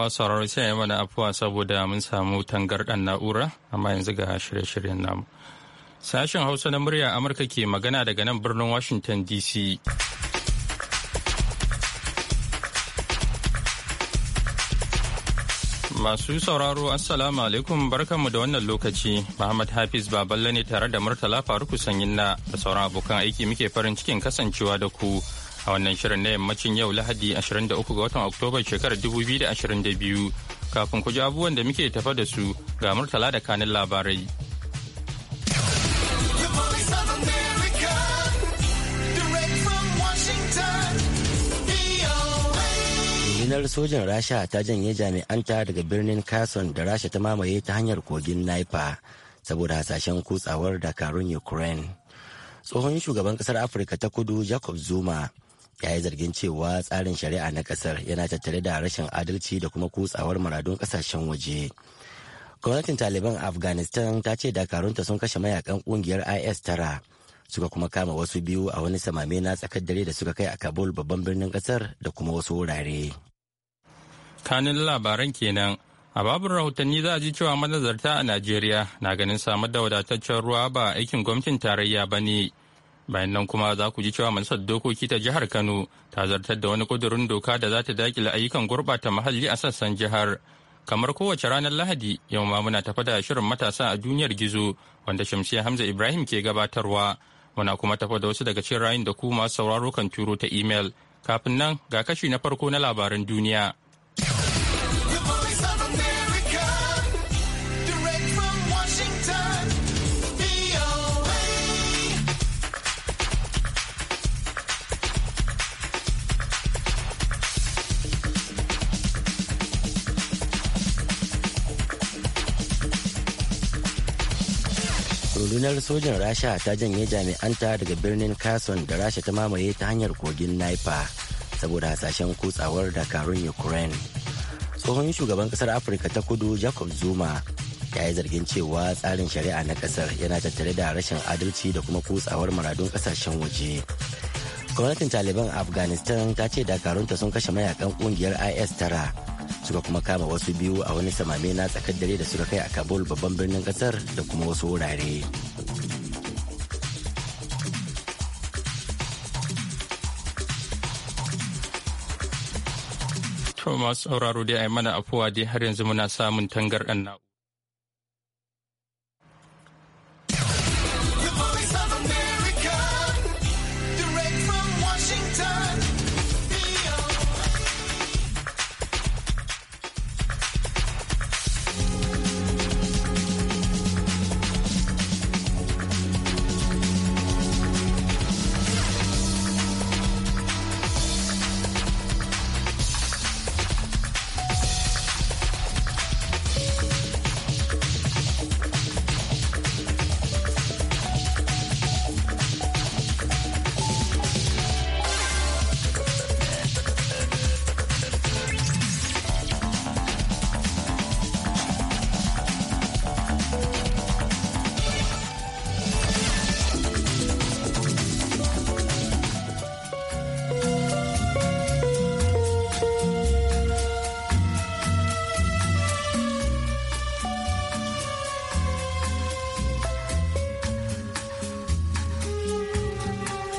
masu sauraro sai mana afuwa saboda mun samu tangarɗan na'ura amma yanzu ga shirye-shiryen namu. Sashen Hausa na murya Amurka ke magana daga nan birnin Washington DC. Masu sauraro Assalamu alaikum barkanmu da wannan lokaci Muhammad Hafiz Baballe ne tare da Murtala Faruku Sanyin na da sauran abokan aiki muke farin cikin kasancewa da ku. a wannan shirin na yammacin yau lahadi 23 ga watan oktoba shekarar 2022 kafin ku ji abubuwan da muke tafa da su ga murtala da kanin labarai rundunar sojan rasha ta janye jami'anta daga birnin kason da rasha ta mamaye ta hanyar kogin naifa saboda hasashen kutsawar dakarun ukraine tsohon shugaban kasar afirka ta kudu jacob zuma ya yi zargin cewa tsarin shari'a na kasar yana tattare da rashin adalci da kuma kutsawar maradun kasashen waje gwamnatin taliban afghanistan ta ce dakarunta sun kashe mayakan kungiyar is tara suka kuma kama wasu biyu a wani samame na tsakar dare da suka kai a kabul babban birnin kasar da kuma wasu wurare kanin labaran kenan a babin rahotanni za a ji cewa manazarta a najeriya na ganin samar da wadataccen ruwa ba aikin gwamnatin tarayya ba ne bayan nan kuma za ku ji cewa majalisar dokoki ta jihar kano ta zartar da wani kudurin doka da za ta dakile ayyukan gurɓata muhalli a sassan jihar kamar kowace ranar lahadi yau ma muna tafa da shirin matasa a duniyar gizo wanda shamsiya hamza ibrahim ke gabatarwa muna kuma tafa da wasu daga cikin rayun da kuma masu sauraro kan turo ta imel kafin nan ga kashi na farko na labaran duniya rundunar sojin rasha ta janye jami'anta daga birnin kason da rasha ta mamaye ta hanyar kogin naifa saboda hasashen kutsawar dakarun ukraine tsohon shugaban kasar afirka ta kudu jacob zuma ya yi zargin cewa tsarin shari'a na kasar yana tattare da rashin adalci da kuma kutsawar maradun kasashen waje gwamnatin taliban afghanistan ta ce dakarunta sun kashe mayakan kungiyar is tara suka kuma kama wasu biyu a wani samame na tsakar dare da suka kai a kabul babban birnin kasar da kuma wasu wurare To masu sauraro dai a mana afuwa dai har yanzu muna samun ɗan na'u.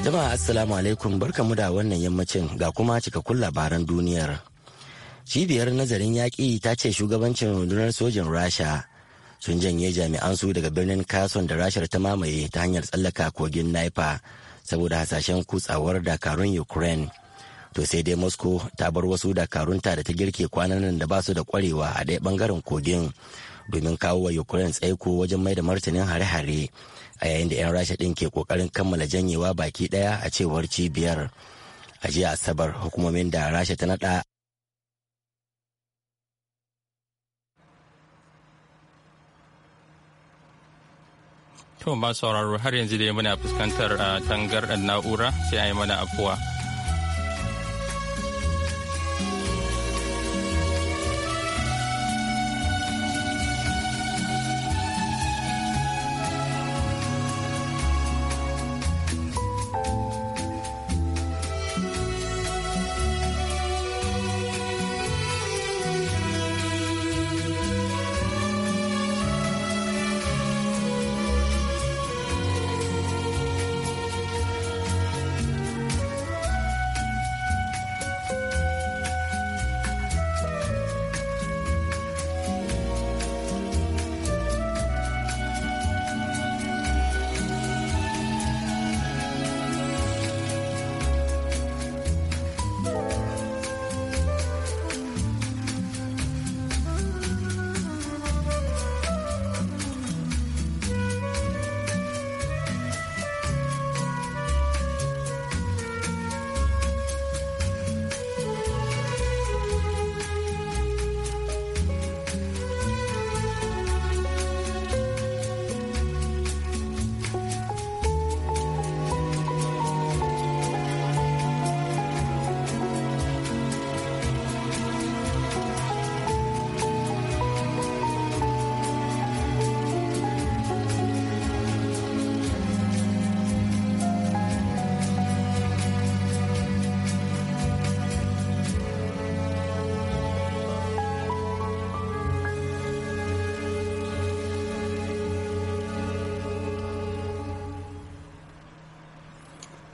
Jama'a Assalamu alaikum barkamu da wannan yammacin ga kuma cikakkun labaran duniyar. Cibiyar nazarin yaƙi ta ce shugabancin rundunar sojin Rasha sun janye jami'an su daga birnin Kason da Rashar ta mamaye ta hanyar tsallaka kogin Naifa saboda hasashen kutsawar dakarun Ukraine. To sai dai Moscow ta bar wasu dakarunta da ta girke kwanan nan da ba su da kwarewa a ɗaya bangaren kogin domin kawo wa Ukraine tsaiko wajen mai da martanin hare-hare a yayin da 'yan rasha ɗin ke ƙoƙarin kammala janyewa baki ɗaya a cewar cibiyar a jiya asabar hukumomin da rasha ta naɗa To masu sauraro har yanzu dai muna fuskantar ah, tangar na'ura sai a yi mana afuwa.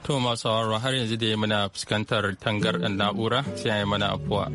To masu har yanzu da mana fuskantar tangar tangarɗar na'ura sai ya yi mana afuwa.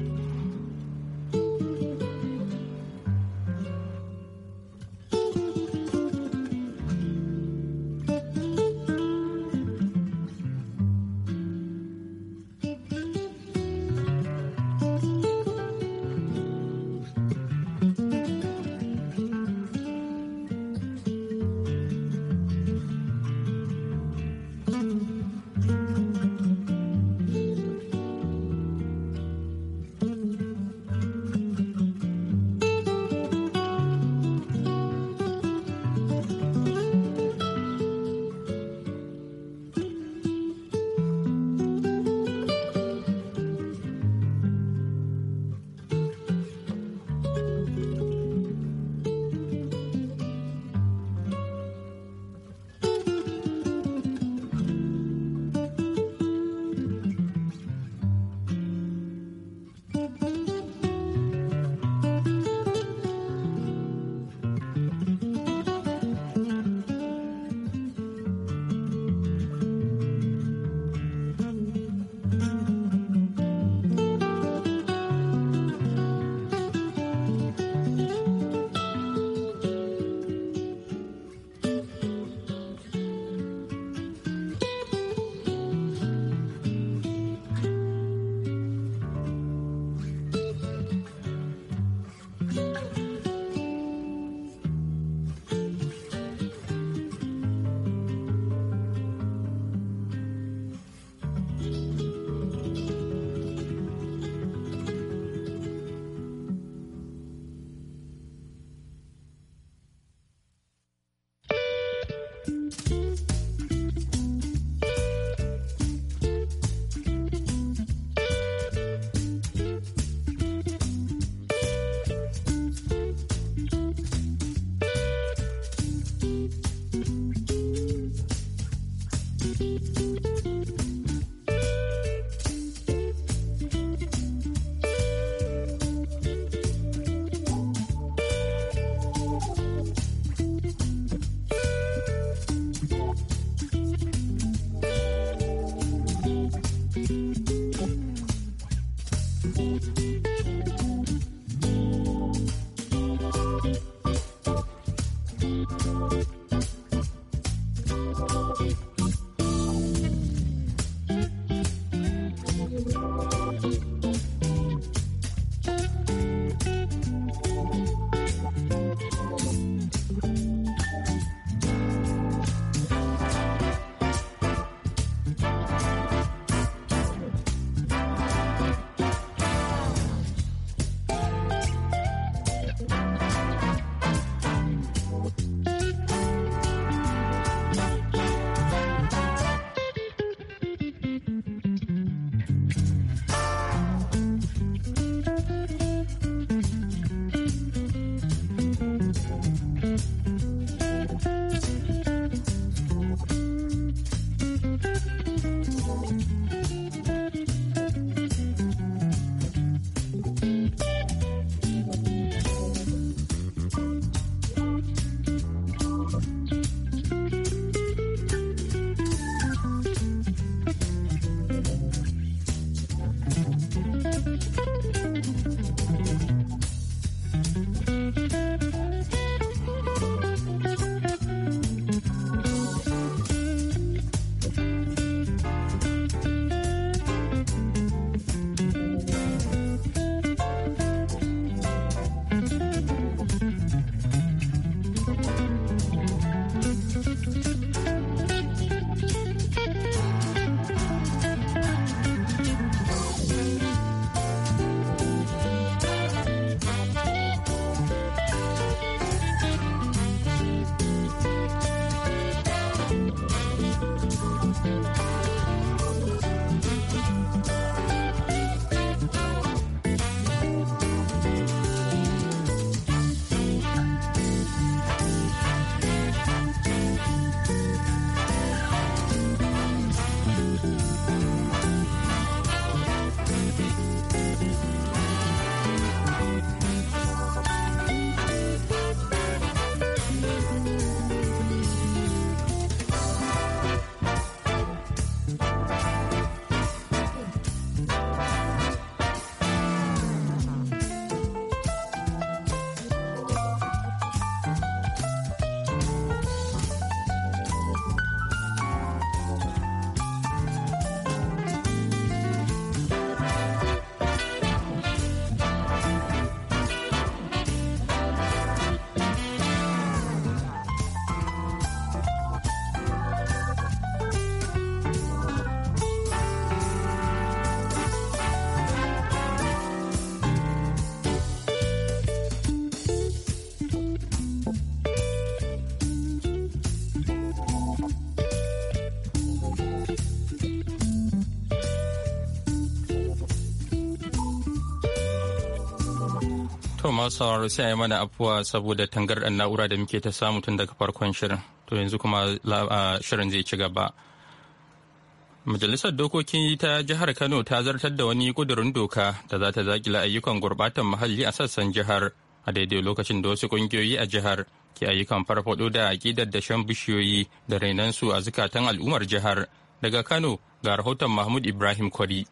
masu sauraro sai yi mana afuwa saboda tangarɗar na'ura da muke ta samu tun daga farkon shirin to yanzu kuma shirin zai ci gaba majalisar dokoki ta jihar kano ta zartar da wani kudurin doka da za ta zakila ayyukan gurbatan muhalli a sassan jihar a daidai lokacin da wasu ƙungiyoyi a jihar ke ayyukan farfado da aƙidar da shan bishiyoyi da su a zukatan al'ummar jihar daga kano ga rahoton mahmud ibrahim kwari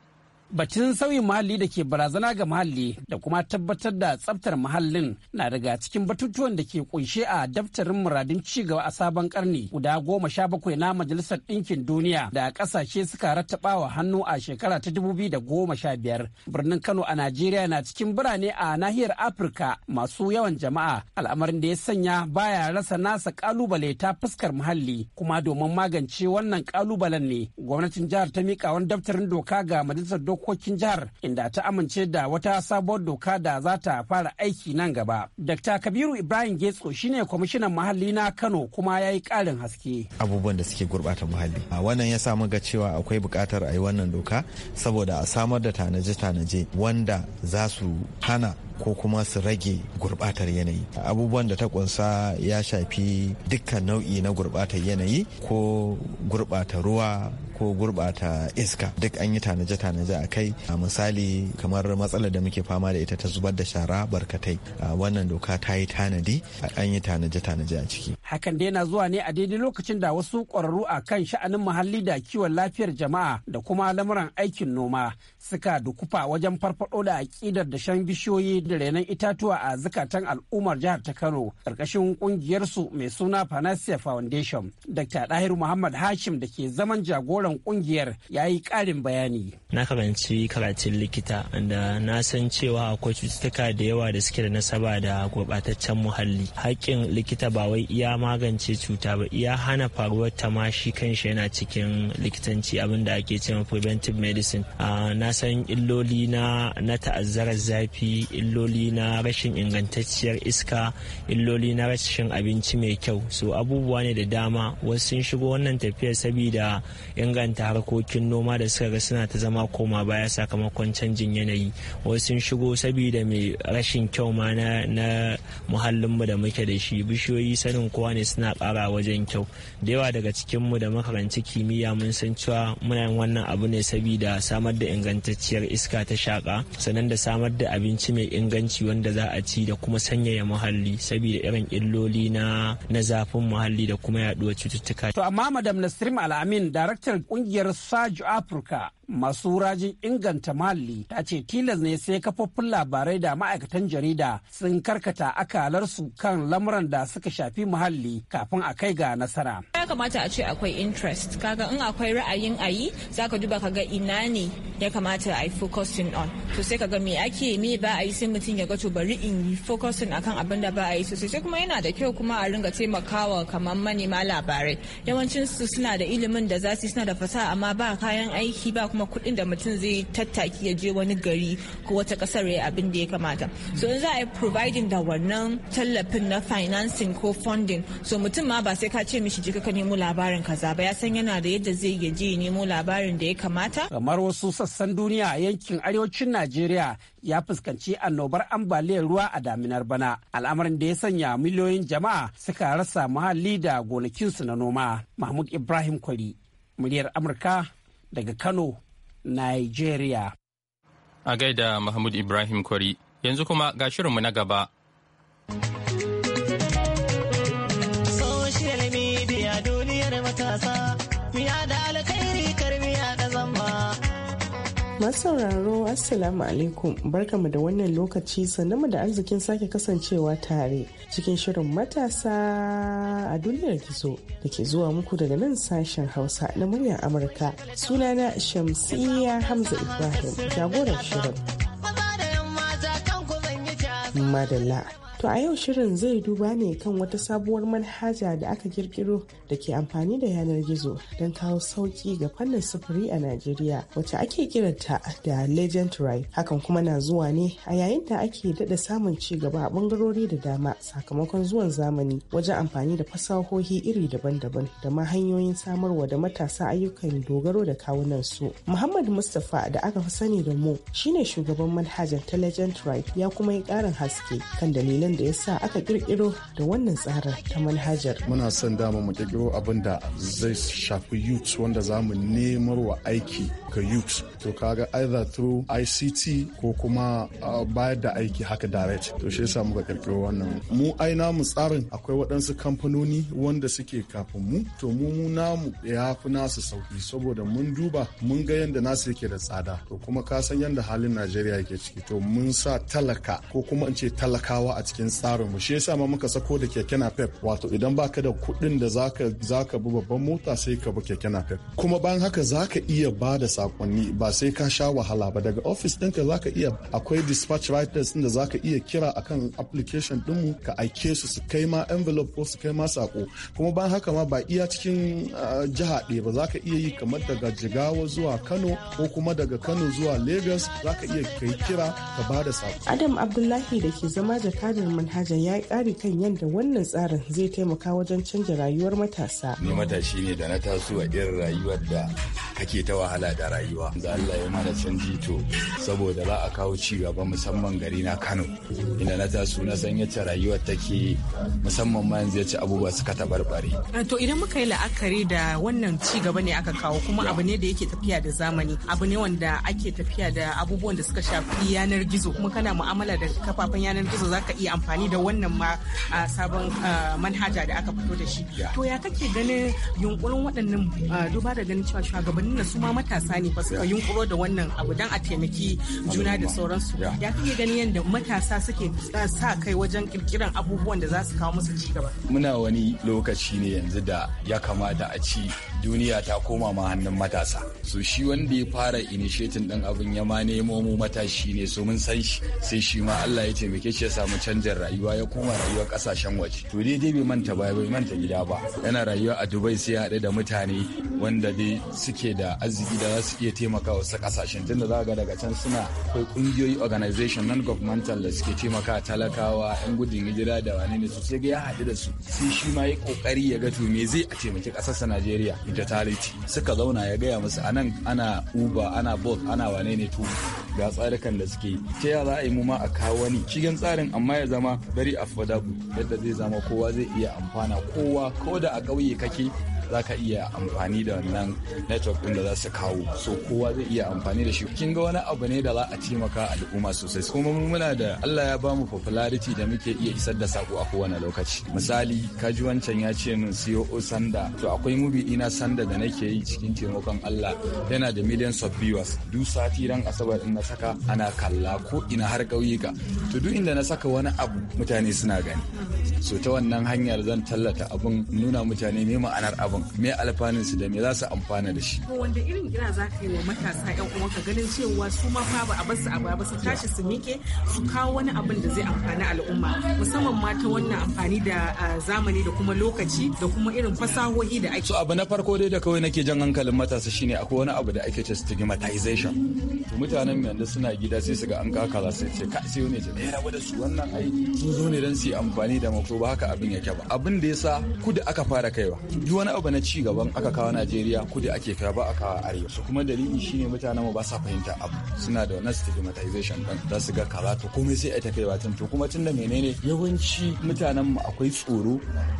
Batun sauyin muhalli da ke barazana ga muhalli da kuma tabbatar da tsabtar muhallin na daga cikin batutuwan da ke kunshe a daftarin muradin cigaba a sabon karni guda goma sha bakwai na Majalisar Ɗinkin Duniya da ƙasashe suka rattaba hannu a shekara ta dubu biyu da goma sha biyar. Birnin Kano a Najeriya na cikin birane a nahiyar Afirka masu yawan jama'a al'amarin da ya sanya baya rasa nasa ƙalubale ta fuskar muhalli kuma domin magance wannan ƙalubalen ne gwamnatin jihar ta miƙa wani daftarin doka ga Majalisar dokokin jihar inda ta amince da wata sabuwar doka da za ta fara aiki nan gaba. Dr. Kabiru Ibrahim Getso shine kwamishinan muhalli na Kano kuma ya yi ƙarin haske. Abubuwan da suke gurɓata muhalli. Wannan ya samu ga cewa akwai buƙatar a yi wannan doka saboda a samar da tanaje-tanaje wanda za su hana ko kuma su rage gurbatar yanayi abubuwan da ta kunsa ya shafi dukkan nau'i na gurbatar yanayi ko gurbata ruwa ko gurbata iska duk an yi tanaje-tanaje a kai a misali kamar matsalar da muke fama da ita ta zubar da shara barkatai wannan doka ta yi tanadi an yi tanaje-tanaje a ciki hakan dai na zuwa ne a daidai lokacin da wasu ƙwararru a kan sha'anin muhalli da kiwon lafiyar jama'a da kuma lamuran aikin noma suka dukufa wajen farfado da aƙidar da shan bishiyoyi da renon itatuwa a zukatan al'ummar jihar ta Kano ƙarƙashin ƙungiyarsu mai suna Panacea Foundation. Dr. Dahiru Muhammad Hashim da ke zaman jagoran ƙungiyar ya yi ƙarin bayani. Na karanci karatun likita da na san cewa akwai cututtuka da yawa da suke da nasaba da gurɓataccen muhalli. Haƙƙin likita ba wai iya magance cuta ba iya hana faruwar ta ma shi kanshi yana cikin likitanci abin da ake cewa preventive medicine. Ah, na san illoli na na ta'azzarar zafi illoli na rashin ingantacciyar iska illoli na rashin abinci mai kyau su abubuwa ne da dama wasu sun shigo wannan tafiyar saboda inganta harkokin noma da suka ga suna ta zama koma baya sakamakon canjin yanayi wasu sun shigo saboda mai rashin kyau ma na mu da muke da shi bishiyoyi sanin kowa ne suna kara wajen kyau da yawa daga cikin mu da makaranci kimiyya mun san cewa muna yin wannan abu ne saboda samar da ingantacciyar iska ta shaka sannan da samar da abinci mai inganci wanda za a ci da kuma sanyaya muhalli saboda irin illoli na na zafin muhalli da kuma yaduwar cututtuka. To amma Madam Nasrim Al'amin, daraktar kungiyar Saju Africa masu rajin inganta muhalli ta ce tilas ne sai kafofin labarai da ma'aikatan jarida sun karkata akalarsu kan lamuran da suka shafi muhalli kafin a kai ga nasara. Ya kamata a ce akwai interest, kaga in akwai ra'ayin ayi za ka duba kaga ina ne ya kamata a yi focusing on. To sai kaga me ake me ba a yi sai mutum ya ga bari in yi focusing akan abin da ba a yi sosai kuma yana da kyau kuma a ringa taimakawa kamar manema labarai yawancin su suna da ilimin da za su suna da fasaha amma ba kayan aiki ba kuma kuɗin da mutum zai tattaki ya je wani gari ko wata ƙasar ya abin da ya kamata so in za a yi providing da wannan tallafin na financing ko funding so mutum ma ba sai ka ce mishi je ka nemo labarin kaza ba ya san yana da yadda zai ya je nemo labarin da ya kamata kamar wasu sassan duniya a yankin arewacin najeriya ya fuskanci annobar ambaliyar ruwa a daminar bana al'amarin da ya sanya miliyoyin jama'a suka rasa muhalli da gonakinsu na noma mahmud ibrahim kwari muryar amurka daga kano nigeria a gaida mahmud ibrahim kwari yanzu kuma ga shirinmu na gaba masauraro assalamu alaikum barkamu da wannan lokaci mu da arzikin sake kasancewa tare cikin shirin matasa a duniyar gizo da ke zuwa muku daga nan sashen hausa na muryar amurka sunana shamsiyya hamza ibrahim jagorar shirin madalla To a yau shirin zai duba ne kan wata sabuwar manhaja da aka kirkiro da ke amfani da yanar gizo don kawo sauki ga fannin sufuri a Najeriya wacce ake kiranta da Legend Ride. Hakan kuma na zuwa ne a yayin da ake dada samun ci gaba a bangarori da dama sakamakon zuwan zamani wajen amfani da fasahohi iri daban-daban da ma hanyoyin samarwa da matasa ayyukan dogaro da kawunan su. Muhammad Mustapha da aka fi sani da mu shine shugaban manhajar ta Legend Ride ya kuma yi ƙarin haske kan dalilin dalilan da ya sa aka kirkiro da wannan tsarin ta manhajar. Muna son dama mu kirkiro abin da zai shafi youth wanda za mu nemar wa aiki ga youth. To kaga either through ICT ko kuma bayar da aiki haka direct. To shi yasa muka kirkiro wannan. Mu ai namu tsarin akwai waɗansu kamfanoni wanda suke kafin mu. To mu namu ya fi nasu sauki saboda mun duba mun ga yadda nasu yake da tsada. To kuma ka san yadda halin Najeriya yake ciki. To mun sa talaka ko kuma in ce talakawa a cikin cikin tsarinmu shi yasa ma muka sako da keke napep wato idan baka da kuɗin da zaka zaka bi babban mota sai ka bi keke napep kuma bayan haka zaka iya ba da sakonni ba sai ka sha wahala ba daga office ɗinka zaka iya akwai dispatch writers da zaka iya kira akan application ɗinmu ka aike su su kai ma envelope ko su kai ma sako kuma bayan haka ma ba iya cikin jiha ɗaya ba zaka iya yi kamar daga jigawa zuwa kano ko kuma daga kano zuwa lagos zaka iya kai kira ka ba da sako adam abdullahi da ke zama jakadar wannan manhajar ya yi ƙari kan yadda wannan tsarin zai taimaka wajen canja rayuwar matasa. Ni matashi ne da na taso a irin rayuwar da kake ta wahala da rayuwa. Da Allah ya mana canji to saboda za a kawo ci gaba musamman gari na Kano. Ina na taso na san yacce rayuwar take musamman ma yanzu yace abubuwa suka tabarbare. To idan muka yi la'akari da wannan ci gaba ne aka kawo kuma abu ne da yake tafiya da zamani abu ne wanda ake tafiya da abubuwan da suka shafi yanar gizo kuma kana mu'amala da kafafen yanar gizo zaka iya amfani da wannan ma sabon manhaja da aka fito da shi to ya kake ganin yunkurin waɗannan duba da ganin cewa shugabannin na su ma matasa ne ba suka yunkuro da wannan abu dan a taimaki juna da sauransu ya kake ganin yadda matasa suke sa kai wajen kirkiran abubuwan da za su kawo musu ci gaba muna wani lokaci ne yanzu da ya kamata a ci duniya ta koma ma hannun matasa so shi wanda ya fara initiating din abin ya ma nemo mu matashi ne so mun san shi sai shi ma Allah ya taimake shi ya samu canjin rayuwa ya koma rayuwar kasashen waje to dai dai bai manta ba bai manta gida ba yana rayuwa a Dubai sai ya haɗu da mutane wanda dai suke da arziki da za su iya taimaka wasu kasashen tunda za ga daga can suna akwai ƙungiyoyi organization non governmental da suke taimaka talakawa yan gudun hijira da wani ne su sai ga ya haɗu da su sai shi ma ya kokari ya ga to me zai a taimaki ƙasarsa Najeriya hospitality suka zauna ya gaya musu anan ana uber ana bolt ana wane ne tu ga tsarikan da suke ta ya za a yi mu ma a kawo wani shigen tsarin amma ya zama bari very affordable yadda zai zama kowa zai iya amfana kowa ko da a ƙauye kake za ka iya amfani da wannan network din da za su kawo so kowa zai iya amfani da shi kin ga wani abu ne da za a taimaka al'umma sosai kuma mun, muna da Allah ya bamu popularity da muke iya isar da sako a kowane lokaci misali kaji wancan ya ce min siyo sanda to akwai mubi ina sanda da nake yi cikin taimakon Allah yana da millions of viewers duk sati ran asabar in na saka ana kalla ko ina har ƙauyuka to duk inda na saka wani abu mutane suna gani so ta wannan hanyar zan tallata abun nuna mutane ne ma'anar abun me alfanun su da me za su amfana da shi. wanda irin kira za ka yi wa matasa uwa ka ganin cewa su ma fa ba a basu a ba su tashi su miƙe su kawo wani abin da zai amfani al'umma musamman ma ta wannan amfani da zamani da kuma lokaci da kuma irin fasahohi da ake. so abu na farko dai da kawai nake jan hankalin matasa shine akwai wani abu da ake ce stigmatization mutanen mu yanzu suna gida sai su ga an kaza sai ce ka sai ne ta ɗaya da su wannan aiki sun zo ne don su yi amfani da mako ba haka abin yake ba abin da ya sa ku da aka fara kaiwa duk wani abu na ci gaban aka kawo Najeriya kudu ake kai ba aka arewa su kuma dalili shine mutanen mu ba sa fahimta abu suna da wannan stigmatization dan za su ga kaza to komai sai ai ta kai batun to kuma tunda menene yawanci mutanen mu akwai tsoro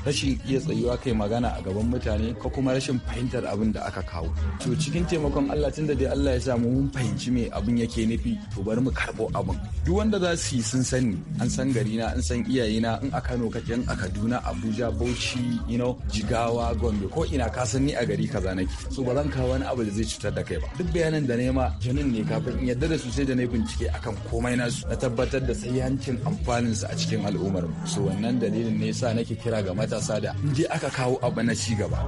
rashin iya tsayuwa kai magana a gaban mutane ko kuma rashin fahimtar abin da aka kawo to cikin taimakon Allah tunda dai Allah ya sa mu mun fahimci me abin yake nufi to bari mu karbo abin duk wanda za su yi sun sani an san gari na an san iyayena in a Kano kake in a Kaduna Abuja Bauchi you know Jigawa Gombe ko ina ka san ni a gari kaza nake so ba zan kawo wani abu da zai cutar da kai ba duk bayanan da nema janin ne kafin in yadda da su sai da na bincike akan komai nasu na tabbatar da sahihancin amfanin su a cikin al'ummar mu so wannan dalilin ne yasa nake kira ga matasa da in aka kawo abu na ci gaba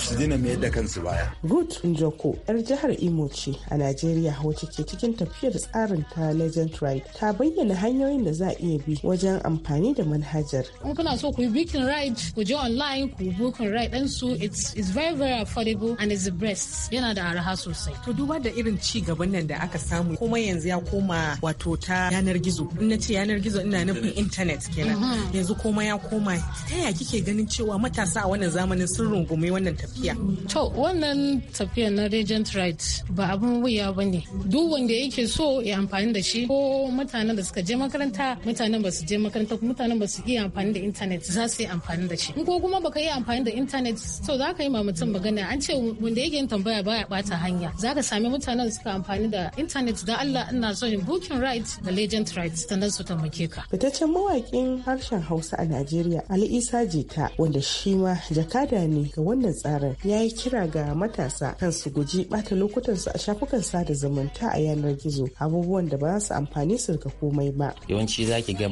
su dina mayar da kansu baya good njoko yar jihar imo ce a najeriya wacce ke cikin tafiyar tsarin ta legend ride ta bayyana hanyoyin da za a iya bi wajen amfani da manhajar in kuna so ku yi bikin ride ku je online ku bukin ride su it's, it's very very affordable and it's the best yana da araha sosai to duba da irin ci gaban nan da aka samu kuma yanzu ya koma wato ta yanar gizo in na ce yanar gizo ina nufin internet kenan mhm. yanzu koma ya koma ta ya kike ganin cewa matasa a wannan zamanin sun rungumi wannan tafiya to wannan tafiya na regent right ba abun wuya ba ne duk wanda yake so ya amfani da shi ko mutanen da suka je makaranta mutanen ba su je makaranta mutanen ba su iya amfani da internet za su yi amfani da shi in ko kuma baka iya amfani da internet to kyau za ka yi ma mutum magana an ce wanda yake yin tambaya baya bata hanya za ka sami mutanen da suka amfani da intanet da Allah ina so in booking right da legend right sannan su taimake ka. Fitaccen mawaƙin harshen Hausa a Najeriya Ali Isa Jita wanda shi ma jakada ne ga wannan tsarin ya yi kira ga matasa kan su guji bata lokutan su a shafukan sada zumunta a yanar gizo abubuwan da ba za su amfani su ga komai ba. Yawanci zaki ki ga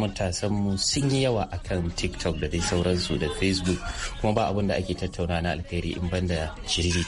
mu sun yi yawa akan TikTok da dai sauransu da Facebook kuma ba abin da ake tattauna na alkhairi in banda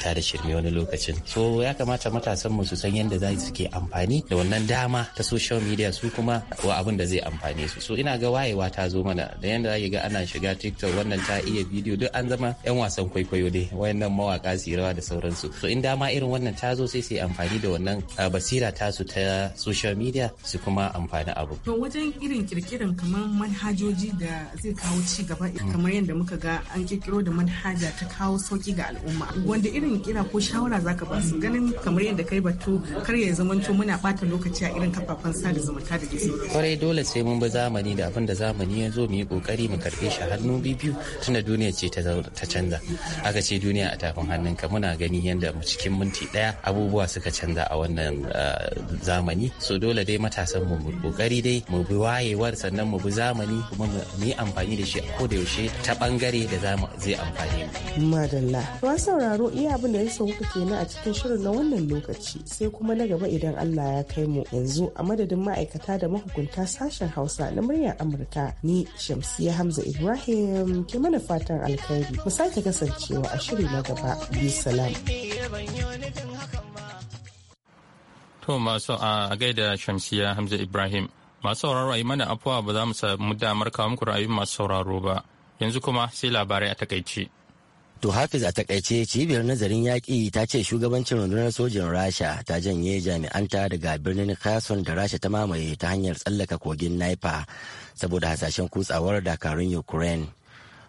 ta da shirme wani lokacin so ya kamata matasan mu su san yadda za su ke amfani da wannan dama ta social media su kuma wa abin da zai amfane su so ina ga wayewa ta zo mana da yadda za ga ana shiga tiktok wannan ta iya bidiyo duk an zama yan wasan kwaikwayo dai wayannan mawaka sirawa da sauransu so in dama irin wannan ta zo sai su amfani da wannan ah, basira tasu ta social media su kuma amfani abu to wajen irin kirkirin kamar manhajoji da zai kawo ci gaba kamar yadda muka ga an kirkiro da manhaja ta kawo kawo sauki ga al'umma wanda irin kira ko shawara zaka ba su ganin kamar yadda kai batu kar ya to muna bata lokaci a irin kafafen sada zumunta da gizo kwarai dole sai mun bi zamani da abin da zamani ya zo mu yi kokari mu karbe shi hannu biyu tunda duniya ce ta canza aka ce duniya a tafin ka muna gani yadda cikin minti daya abubuwa suka canza a wannan eh, zamani so dole dai matasan mu kokari dai mu bi wayewar sannan mu bi zamani kuma mu yi amfani da shi a koda yaushe ta bangare da zai amfani mu madalla ruwan sauraro iya abin da ya sauka kenan a cikin shirin na wannan lokaci sai kuma na gaba idan allah ya kai mu yanzu a madadin ma'aikata da mahukunta sashen hausa na muryar amurka ni shamsiya hamza ibrahim ke mana fatan alkhairi mu sake kasancewa a shiri na gaba bi salam to masu a gaida shamsiya hamza ibrahim masu sauraro a yi mana afuwa ba za mu samu damar kawo muku ra'ayin masu sauraro ba yanzu kuma sai labarai a takaice. To Hafiz a takaice cibiyar nazarin yaƙi ta ce shugabancin rundunar sojin Rasha ta janye jami'anta daga birnin Kherson da Rasha ta mamaye ta hanyar tsallaka kogin Naifa saboda hasashen kutsawar dakarun Ukraine.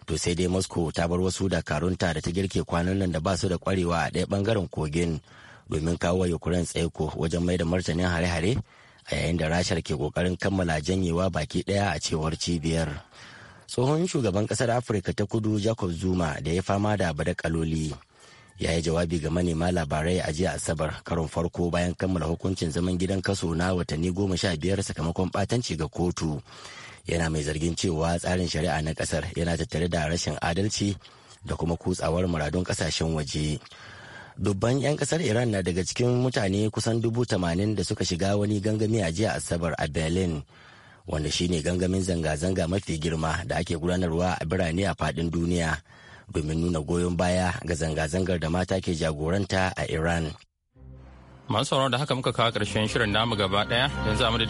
To sai dai Moscow ta bar wasu dakarunta da ta girke kwanan nan da ba su da kwarewa a ɗaya bangaren kogin domin kawo Ukraine tsaiko wajen mai da martanin hare-hare a yayin da Rashar ke kokarin kammala janyewa baki ɗaya a cewar cibiyar. tsohon shugaban kasar afirka ta kudu jacob zuma da ya fama da badakaloli ya yi jawabi ga manema labarai a jiya asabar karon farko bayan kammala hukuncin zaman gidan kaso na watanni goma sha biyar sakamakon ɓatanci ga kotu yana mai zargin cewa tsarin shari'a na kasar yana tattare da rashin adalci da kuma kutsawar muradun kasashen waje dubban 'yan kasar iran na daga cikin mutane kusan dubu tamanin da suka shiga wani gangami a jiya asabar a berlin wanda shine gangamin zanga-zanga mafi girma da ake gudanarwa a birane a faɗin duniya domin nuna goyon baya ga zanga-zangar da mata ke jagoranta a Iran. Masu sauraron da haka muka kawo ƙarshen shirin namu gaba ɗaya yanzu a